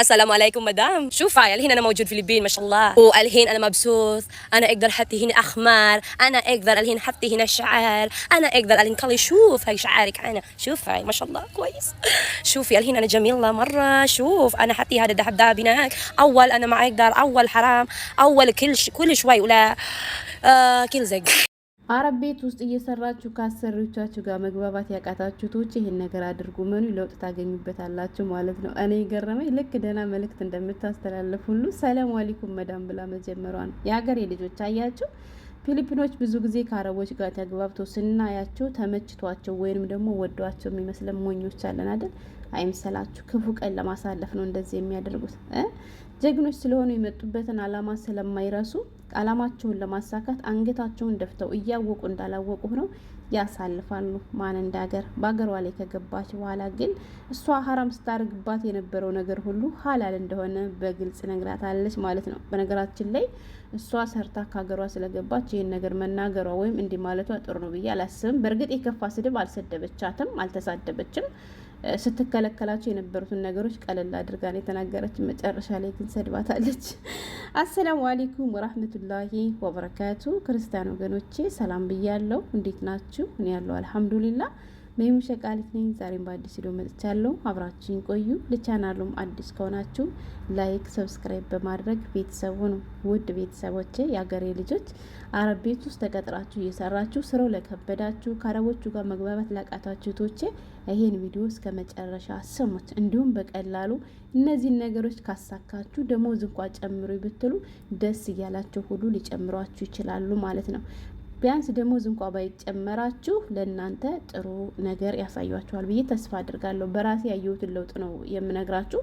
السلام عليكم مدام شوفي الحين انا موجود في الفلبين ما شاء الله والحين انا مبسوط انا اقدر حتى هنا احمر انا اقدر الحين حتى هنا شعر انا اقدر الحين كل شوف هاي شعرك انا شوفي ما شاء الله كويس شوفي الحين انا جميله مره شوف انا حتى هذا ذهب دهب هناك اول انا ما اقدر اول حرام اول كل ش... كل شوي ولا آه كل زق አረብ ቤት ውስጥ እየሰራችሁ ከአሰሪዎቻችሁ ጋር መግባባት ያቃታችሁ ቶች ይሄን ነገር አድርጉ፣ መኑ ለውጥ ታገኙበታላችሁ ማለት ነው። እኔ የገረመኝ ልክ ደህና መልእክት እንደምታስተላልፍ ሁሉ ሰላም አለይኩም መዳም ብላ መጀመሯን የሀገሬ ልጆች አያችሁ፣ ፊሊፒኖች ብዙ ጊዜ ከአረቦች ጋር ተግባብቶ ስናያቸው ተመችቷቸው ወይንም ደግሞ ወዷቸው የሚመስለን ሞኞች አለን አይደል? አይምሰላችሁ፣ ክፉ ቀን ለማሳለፍ ነው እንደዚህ የሚያደርጉት። ጀግኖች ስለሆኑ የመጡበትን አላማ ስለማይረሱ ዓላማቸውን ለማሳካት አንገታቸውን ደፍተው እያወቁ እንዳላወቁ ነው ያሳልፋሉ። ማን እንደ ሀገር በሀገሯ ላይ ከገባች በኋላ ግን እሷ ሀራም ስታደርግባት የነበረው ነገር ሁሉ ሀላል እንደሆነ በግልጽ ነግራታለች ማለት ነው። በነገራችን ላይ እሷ ሰርታ ከሀገሯ ስለገባች ይህን ነገር መናገሯ ወይም እንዲህ ማለቷ ጥሩ ነው ብዬ አላስብም። በእርግጥ የከፋ ስድብ አልሰደበቻትም፣ አልተሳደበችም። ስትከለከላቸው የነበሩትን ነገሮች ቀለል አድርጋ ነው የተናገረች። መጨረሻ ላይ ግን ሰድባታለች። አሰላሙ አሌይኩም ወራህመቱላሂ ወበረካቱ። ክርስቲያን ወገኖቼ ሰላም ብያለው። እንዴት ናችሁ? እኔ ያለው አልሐምዱሊላ መይሙ ሸቃሊት ነኝ። ዛሬም በአዲስ ቪዲዮ መጥቻለሁ። አብራችሁን ቆዩ። ለቻናሉም አዲስ ከሆናችሁ ላይክ፣ ሰብስክራይብ በማድረግ ቤተሰቡ ነው። ውድ ቤተሰቦቼ፣ የአገሬ ልጆች፣ አረብ ቤት ውስጥ ተቀጥራችሁ እየሰራችሁ ስራው ለከበዳችሁ፣ ከአረቦቹ ጋር መግባባት ላቃታችሁ ቶቼ ይሄን ቪዲዮ እስከ መጨረሻ ስሙት። እንዲሁም በቀላሉ እነዚህን ነገሮች ካሳካችሁ ደሞዝ እንኳ ጨምሩ ብትሉ ደስ እያላቸው ሁሉ ሊጨምሯችሁ ይችላሉ ማለት ነው። ቢያንስ ደሞዝ እንኳ ባይጨመራችሁ ለእናንተ ጥሩ ነገር ያሳያችኋል ብዬ ተስፋ አድርጋለሁ። በራሴ ያየሁትን ለውጥ ነው የምነግራችሁ።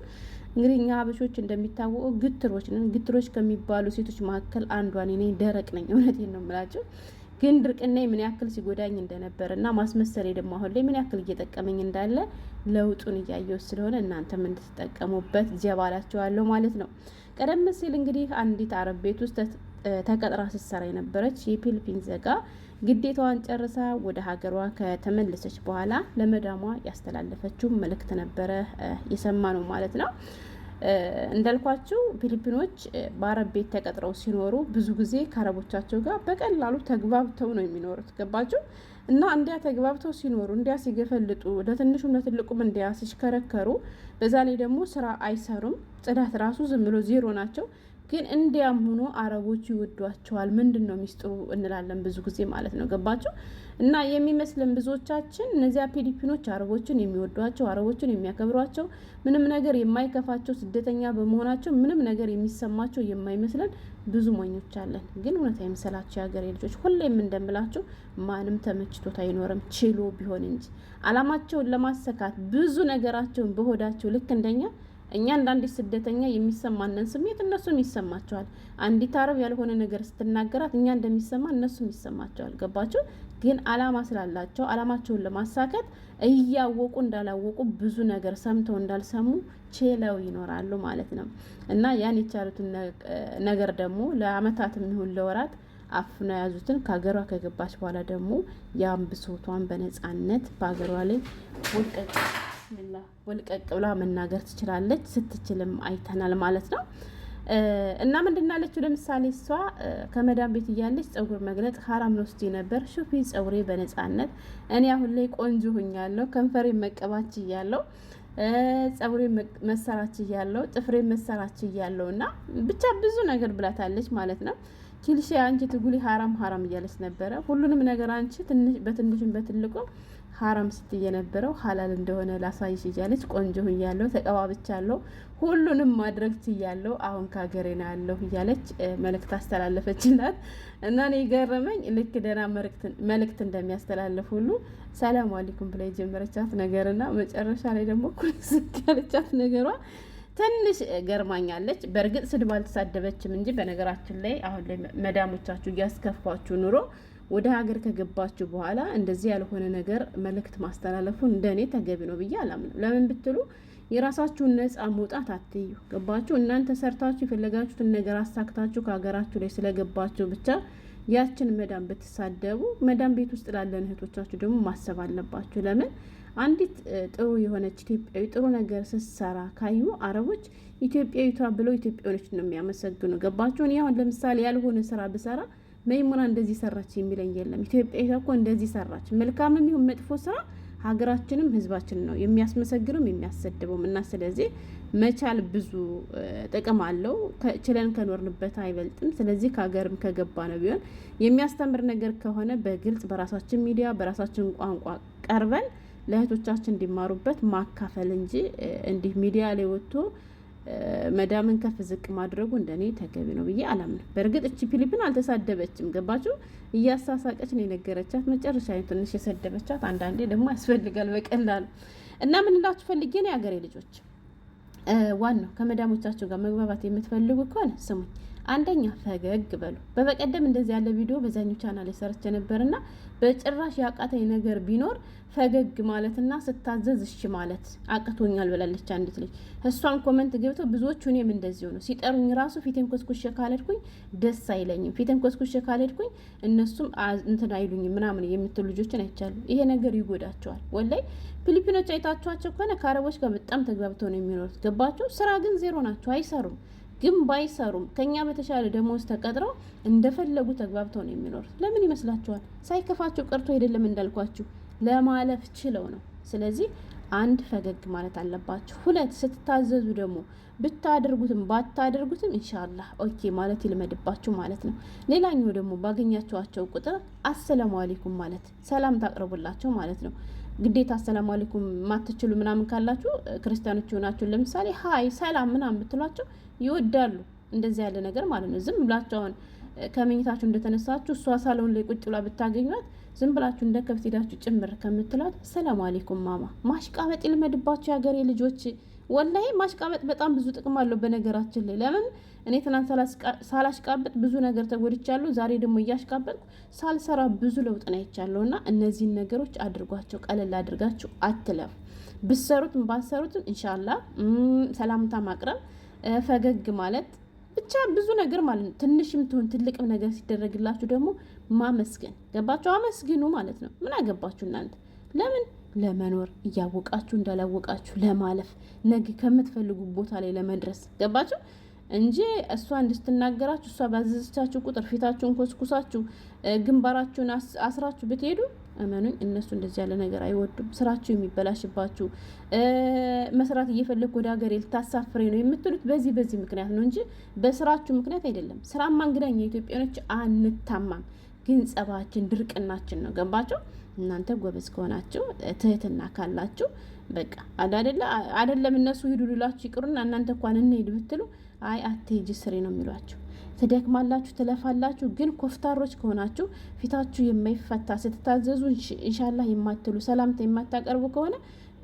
እንግዲህ እኛ አበሾች እንደሚታወቁ ግትሮች ነን። ግትሮች ከሚባሉ ሴቶች መካከል አንዷን እኔ ደረቅ ነኝ። እውነቴን ነው የምላችሁ። ግን ድርቅና ምን ያክል ሲጎዳኝ እንደነበር እና ማስመሰሌ ደግሞ አሁን ላይ ምን ያክል እየጠቀመኝ እንዳለ ለውጡን እያየው ስለሆነ እናንተም እንድትጠቀሙበት ጀባ ማለት ነው። ቀደም ሲል እንግዲህ አንዲት አረብ ቤት ውስጥ ተቀጥራ ስትሰራ የነበረች የፊሊፒን ዜጋ ግዴታዋን ጨርሳ ወደ ሀገሯ ከተመለሰች በኋላ ለመዳሟ ያስተላለፈችው መልእክት ነበረ የሰማ ነው ማለት ነው። እንዳልኳችሁ ፊሊፒኖች በአረብ ቤት ተቀጥረው ሲኖሩ ብዙ ጊዜ ከአረቦቻቸው ጋር በቀላሉ ተግባብተው ነው የሚኖሩት። ገባችሁ? እና እንዲያ ተግባብተው ሲኖሩ እንዲያ ሲገፈልጡ፣ ለትንሹም ለትልቁም እንዲያ ሲሽከረከሩ፣ በዛ ላይ ደግሞ ስራ አይሰሩም። ጽዳት ራሱ ዝም ብሎ ዜሮ ናቸው። ግን እንዲያም ሆኖ አረቦቹ ይወዷቸዋል። ምንድን ነው ሚስጥሩ እንላለን ብዙ ጊዜ ማለት ነው። ገባችሁ? እና የሚመስለን ብዙዎቻችን እነዚያ ፊሊፒኖች አረቦችን የሚወዷቸው አረቦችን የሚያከብሯቸው ምንም ነገር የማይከፋቸው ስደተኛ በመሆናቸው ምንም ነገር የሚሰማቸው የማይመስለን ብዙ ሞኞች አለን። ግን እውነት አይምሰላቸው የሀገሬ ልጆች፣ ሁሌም እንደምላቸው ማንም ተመችቶት አይኖርም ችሎ ቢሆን እንጂ አላማቸውን ለማሰካት ብዙ ነገራቸውን በሆዳቸው ልክ እንደኛ እኛ አንዳንዴ ስደተኛ የሚሰማንን ስሜት እነሱም ይሰማቸዋል። አንዲት አረብ ያልሆነ ነገር ስትናገራት እኛ እንደሚሰማ እነሱም ይሰማቸዋል። ገባችሁ? ግን አላማ ስላላቸው አላማቸውን ለማሳከት እያወቁ እንዳላወቁ ብዙ ነገር ሰምተው እንዳልሰሙ ችለው ይኖራሉ ማለት ነው። እና ያን የቻሉትን ነገር ደግሞ ለአመታት ይሁን ለወራት አፍነ የያዙትን ከሀገሯ ከገባች በኋላ ደግሞ ያን ብሶቷን በነጻነት በሀገሯ ላይ ወቀ ብላ ወልቀቅ ብላ መናገር ትችላለች። ስትችልም አይተናል ማለት ነው። እና ምንድን አለችው? ለምሳሌ እሷ ከመዳም ቤት እያለች ጸጉር መግለጽ ሀራም ነው ስትይ ነበር። ሹፊ ጸጉሬ በነፃነት እኔ አሁን ላይ ቆንጆ ሁኛለሁ፣ ከንፈሬ መቀባች እያለው፣ ጸጉሬ መሰራች እያለው፣ ጥፍሬ መሰራች እያለው እና ብቻ ብዙ ነገር ብላታለች ማለት ነው። ችልሻ አንቺ ትጉሊ ሀራም ሀራም እያለች ነበረ። ሁሉንም ነገር አንቺ በትንሹም በትልቁ ሀራም ስትይ የነበረው ሀላል እንደሆነ ላሳይሽ እያለች ቆንጆ እያለሁ ተቀባብቻለሁ፣ ሁሉንም ማድረግ ችያለሁ፣ አሁን ካገሬ ነው ያለሁ እያለች መልእክት አስተላለፈችላት እና እኔ ገረመኝ። ልክ ደህና መልእክት እንደሚያስተላልፍ ሁሉ ሰላም አለይኩም ብላ የጀመረቻት ነገርና መጨረሻ ላይ ደግሞ ኩልስ ያለቻት ነገሯ ትንሽ ገርማኛለች። በእርግጥ ስድብ አልተሳደበችም እንጂ በነገራችን ላይ አሁን ላይ መዳሞቻችሁ እያስከፋችሁ ኑሮ ወደ ሀገር ከገባችሁ በኋላ እንደዚህ ያልሆነ ነገር መልእክት እንደ እንደኔ ተገቢ ነው ብዬ አላምንም። ለምን ብትሉ የራሳችሁን ነፃ መውጣት አትዩ። ገባችሁ? እናንተ ሰርታችሁ የፈለጋችሁትን ነገር አሳክታችሁ ከሀገራችሁ ላይ ስለገባችሁ ብቻ ያችን መዳም ብትሳደቡ፣ መዳም ቤት ውስጥ ላለን እህቶቻችሁ ደግሞ ማሰብ አለባችሁ። ለምን አንዲት ጥሩ የሆነች ኢትዮጵያዊ ጥሩ ነገር ስትሰራ ካዩ አረቦች ኢትዮጵያዊቷ ብለው ኢትዮጵያኖች ነው የሚያመሰግኑ። ገባችሁን? ያሁን ለምሳሌ ያልሆነ ስራ ብሰራ መይሙና እንደዚህ ሰራች የሚለኝ የለም። ኢትዮጵያ እኮ እንደዚህ ሰራች። መልካምም ይሁን መጥፎ ስራ ሀገራችንም ህዝባችን ነው የሚያስመሰግነውም የሚያሰድበውም። እና ስለዚህ መቻል ብዙ ጥቅም አለው። ችለን ከኖርንበት አይበልጥም። ስለዚህ ከሀገርም ከገባ ነው ቢሆን የሚያስተምር ነገር ከሆነ በግልጽ በራሳችን ሚዲያ በራሳችን ቋንቋ ቀርበን ለእህቶቻችን እንዲማሩበት ማካፈል እንጂ እንዲህ ሚዲያ ላይ ወጥቶ መዳምን ከፍ ዝቅ ማድረጉ እንደኔ ተገቢ ነው ብዬ አላምንም። በእርግጥ እቺ ፊሊፒን አልተሳደበችም፣ ገባችሁ? እያሳሳቀች ነው የነገረቻት። መጨረሻ ትንሽ የሰደበቻት፣ አንዳንዴ ደግሞ ያስፈልጋል በቀላሉ እና ምንላችሁ ፈልጌ ነው የአገሬ ልጆች፣ ዋናው ከመዳሞቻችሁ ጋር መግባባት የምትፈልጉ ከሆነ ስሙኝ አንደኛ ፈገግ በሉ። በበቀደም እንደዚህ ያለ ቪዲዮ በዛኛው ቻናል ሰርቼ ነበርና በጭራሽ ያቃተኝ ነገር ቢኖር ፈገግ ማለትና ስታዘዝ እሺ ማለት አቅቶኛል ብላለች አንዲት ልጅ። እሷን ኮመንት ገብቶ ብዙዎቹ እኔም እንደዚሁ ነው ሲጠሩኝ ራሱ ፊቴን ኮስኩሼ ካልሄድኩኝ ደስ አይለኝም፣ ፊቴን ኮስኩሼ ካልሄድኩኝ እነሱም እንትን አይሉኝም ምናምን የምትሉ ልጆችን አይቻሉ። ይሄ ነገር ይጎዳቸዋል። ወላይ ፊሊፒኖች አይታችኋቸው ከሆነ ከአረቦች ጋር በጣም ተግባብተው ነው የሚኖሩት። ገባቸው ስራ ግን ዜሮ ናቸው፣ አይሰሩም ግን ባይሰሩም ከኛ በተሻለ ደሞዝ ተቀጥረው እንደፈለጉ ተግባብተው ነው የሚኖሩት። ለምን ይመስላችኋል? ሳይከፋቸው ቀርቶ አይደለም እንዳልኳችሁ ለማለፍ ችለው ነው። ስለዚህ አንድ ፈገግ ማለት አለባችሁ። ሁለት ስትታዘዙ ደግሞ ብታደርጉትም ባታደርጉትም ኢንሻላህ ኦኬ ማለት ይልመድባችሁ ማለት ነው። ሌላኛው ደግሞ ባገኛችኋቸው ቁጥር አሰላሙ አሌይኩም ማለት ሰላም ታቅርቡላቸው ማለት ነው። ግዴታ አሰላሙ አለይኩም ማትችሉ ምናምን ካላችሁ ክርስቲያኖች ሆናችሁ ለምሳሌ ሀይ ሰላም ምናምን ብትሏቸው ይወዳሉ። እንደዚህ ያለ ነገር ማለት ነው። ዝም ብላችሁ አሁን ከመኝታችሁ እንደተነሳችሁ እሷ ሳሎን ላይ ቁጭ ብላ ብታገኟት ዝም ብላችሁ እንደ ከብት ሄዳችሁ ጭምር ከምትሏት ሰላም አለይኩም ማማ ማሽቃበጥ ይልመድባችሁ የሀገሬ ልጆች ወላሂ ማሽቃበጥ በጣም ብዙ ጥቅም አለው። በነገራችን ላይ ለምን እኔ ትናንት ሳላሽቃበጥ ብዙ ነገር ተጎድቻለሁ። ዛሬ ደግሞ እያሽቃበጥኩ ሳልሰራ ብዙ ለውጥ ነው አይቻለሁ። እና እነዚህን ነገሮች አድርጓቸው፣ ቀለል አድርጋችሁ አትለፉ። ብሰሩትም ባሰሩትም እንሻላ ሰላምታ ማቅረብ፣ ፈገግ ማለት ብቻ ብዙ ነገር ማለት ነው። ትንሽም ትሆን ትልቅም ነገር ሲደረግላችሁ ደግሞ ማመስገን ገባችሁ፣ አመስግኑ ማለት ነው። ምን አገባችሁ እናንተ ለምን ለመኖር እያወቃችሁ እንዳላወቃችሁ ለማለፍ ነግ ከምትፈልጉ ቦታ ላይ ለመድረስ ገባችሁ እንጂ እሷ እንድትናገራችሁ እሷ ባዘዘቻችሁ ቁጥር ፊታችሁን ኮስኩሳችሁ ግንባራችሁን አስራችሁ ብትሄዱ እመኑኝ እነሱ እንደዚህ ያለ ነገር አይወዱም። ስራችሁ የሚበላሽባችሁ መስራት እየፈለግኩ ወደ ሀገሬ ልታሳፍሬ ነው የምትሉት በዚህ በዚህ ምክንያት ነው እንጂ በስራችሁ ምክንያት አይደለም። ስራማ እንግዳኝ የኢትዮጵያኖች አንታማም፣ ግን ጸባችን ድርቅናችን ነው። ገባቸው እናንተ ጎበዝ ከሆናችሁ ትህትና ካላችሁ በቃ አደለም እነሱ ሂዱ ልላችሁ ይቅሩና እናንተ እንኳን እንሄድ ብትሉ አይ አትሂጂ ስሬ ነው የሚሏችሁ። ትደክማላችሁ፣ ትለፋላችሁ። ግን ኮፍታሮች ከሆናችሁ ፊታችሁ የማይፈታ ስትታዘዙ እንሻላ የማትሉ ሰላምታ የማታቀርቡ ከሆነ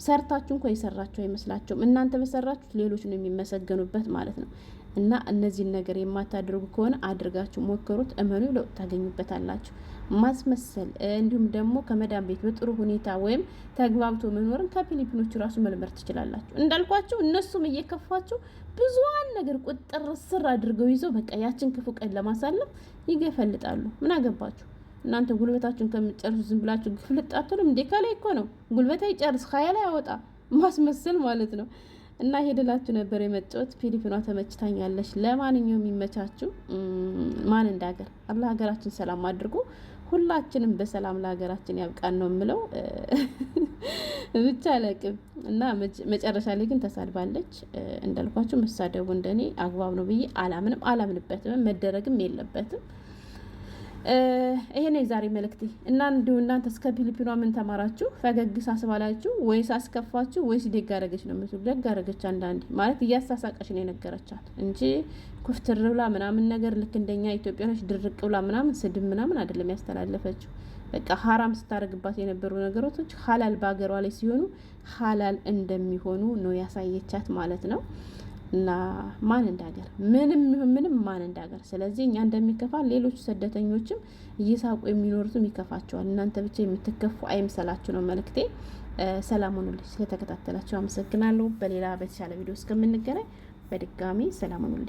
ሰርታችሁ እንኳ የሰራችሁ አይመስላቸውም። እናንተ በሰራችሁት ሌሎች ነው የሚመሰገኑበት ማለት ነው። እና እነዚህን ነገር የማታደርጉ ከሆነ አድርጋችሁ ሞከሩት፣ እመኑ፣ ለውጥ ታገኙበታላችሁ። ማስመሰል እንዲሁም ደግሞ ከመዳን ቤት በጥሩ ሁኔታ ወይም ተግባብቶ መኖርን ከፊሊፒኖቹ ራሱ መልመር ትችላላችሁ። እንዳልኳችሁ እነሱም እየከፋችሁ ብዙዋን ነገር ቁጥር ስር አድርገው ይዘው በቃ ያችን ክፉ ቀን ለማሳለፍ ይገፈልጣሉ። ምን አገባችሁ? እናንተ ጉልበታችሁን ከምጨርሱ ዝም ብላችሁ ግፍልጥ አትሉም እንዴ? ከላይ እኮ ነው ጉልበት አይጨርስ ከያ ላይ አወጣ ማስመሰል ማለት ነው። እና ሄደላችሁ ነበር የመጫወት ፊሊፒኗ ተመችታኛለች። ለማንኛውም የሚመቻችው ማን እንደ ሀገር አላ ሀገራችን ሰላም አድርጎ ሁላችንም በሰላም ለሀገራችን ያብቃን ነው የምለው። ብቻ አለቅም እና መጨረሻ ላይ ግን ተሳድባለች። እንዳልኳችሁ መሳደቡ እንደኔ አግባብ ነው ብዬ አላምንም፣ አላምንበትም፣ መደረግም የለበትም። ይሄ ነው የዛሬ መልእክቴ እና እንዲሁ እናንተ እስከ ፊሊፒኗ ምን ተማራችሁ? ፈገግ ሳስባላችሁ ወይስ አስከፋችሁ ወይስ ደግ አረገች ነው የምትሉ? ደግ አረገች አንዳንዴ ማለት እያሳሳቀች ነው የነገረቻት እንጂ ኩፍትር ብላ ምናምን ነገር ልክ እንደኛ ኢትዮጵያኖች ድርቅ ብላ ምናምን ስድብ ምናምን አይደለም ያስተላለፈችው። በቃ ሀራም ስታደርግባት የነበሩ ነገሮች ሀላል በሀገሯ ላይ ሲሆኑ ሀላል እንደሚሆኑ ነው ያሳየቻት ማለት ነው። እና ማን እንዳገር ምንም ይሁን ምንም ማን እንዳገር። ስለዚህ እኛ እንደሚከፋ ሌሎች ስደተኞችም እየሳቁ የሚኖሩትም ይከፋቸዋል። እናንተ ብቻ የምትከፉ አይምሰላችሁ ነው መልእክቴ። ሰላም ሁኑልኝ። ስለተከታተላችሁ አመሰግናለሁ። በሌላ በተሻለ ቪዲዮ እስከምንገናኝ በድጋሚ ሰላም ሁኑልኝ።